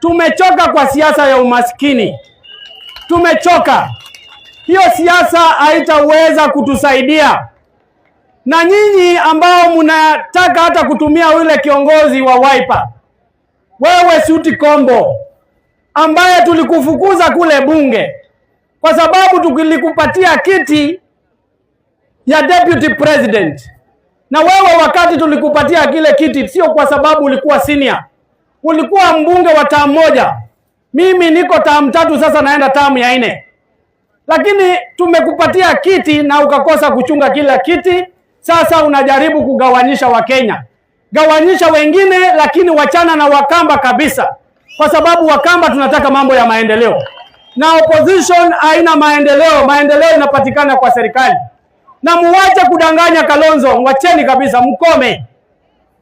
Tumechoka kwa siasa ya umaskini, tumechoka. Hiyo siasa haitaweza kutusaidia. Na nyinyi ambao mnataka hata kutumia yule kiongozi wa Wiper, wewe Suti Kombo ambaye tulikufukuza kule bunge kwa sababu tulikupatia kiti ya deputy president, na wewe wakati tulikupatia kile kiti sio kwa sababu ulikuwa senior ulikuwa mbunge wa tamu moja, mimi niko tamu tatu, sasa naenda tamu ya nne, lakini tumekupatia kiti na ukakosa kuchunga kila kiti. Sasa unajaribu kugawanyisha Wakenya, gawanyisha wengine, lakini wachana na Wakamba kabisa, kwa sababu Wakamba tunataka mambo ya maendeleo na opposition haina maendeleo. Maendeleo inapatikana kwa serikali, na muwache kudanganya Kalonzo, mwacheni kabisa, mkome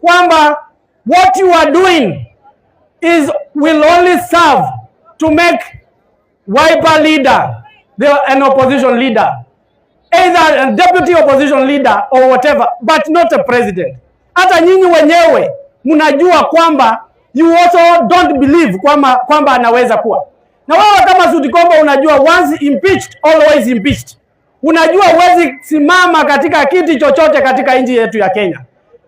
kwamba what you are doing is will only serve to make Wiper leader the, an opposition leader either a deputy opposition leader or whatever but not a president. Hata nyinyi wenyewe mnajua kwamba you also don't believe kwamba, kwamba anaweza kuwa na wewe. Kama Sudi-Komba unajua once impeached always impeached, unajua huwezi simama katika kiti chochote katika nchi yetu ya Kenya,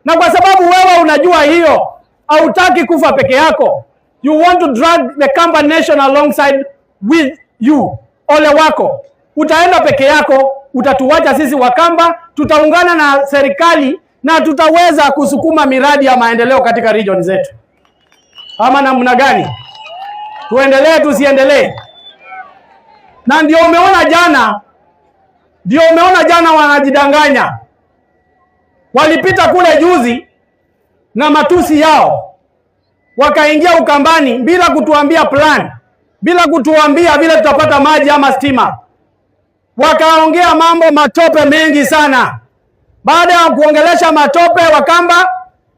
na kwa sababu wewe unajua hiyo Hautaki kufa peke yako. You want to drag the Kamba nation alongside with you. Ole wako, utaenda peke yako, utatuacha sisi Wakamba, tutaungana na serikali na tutaweza kusukuma miradi ya maendeleo katika region zetu. Ama namna gani? Tuendelee tusiendelee? Na ndio umeona jana, ndio umeona jana wanajidanganya, walipita kule juzi na matusi yao, wakaingia Ukambani bila kutuambia plan, bila kutuambia vile tutapata maji ama stima. Wakaongea mambo matope mengi sana. Baada ya kuongelesha matope Wakamba,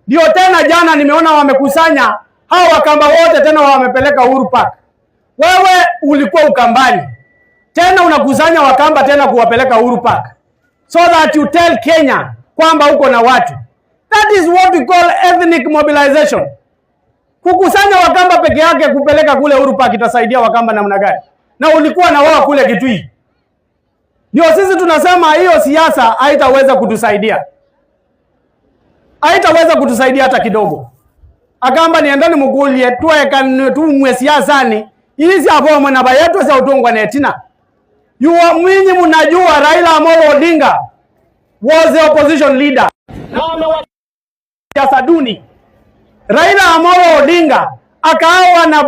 ndio tena jana nimeona wamekusanya hao Wakamba wote tena wamepeleka Uhuru Park. Wewe ulikuwa Ukambani tena unakusanya Wakamba tena kuwapeleka Uhuru Park so that you tell Kenya kwamba uko na watu That is what we call ethnic mobilization. Kukusanya Wakamba peke yake kupeleka kule Uhuru Park itasaidia Wakamba namna gani? Na ulikuwa na wao kule Kitui. Ndio sisi tunasema hiyo siasa haitaweza kutusaidia, haitaweza kutusaidia hata kidogo. akamba niendani mukulie twekane tumwe siasani ili syavomwe na vayetwe syautungwa netina yuwa mwinyi munajua Raila Amolo Odinga was the opposition leader siasa duni. Raila Amolo Odinga akaawa na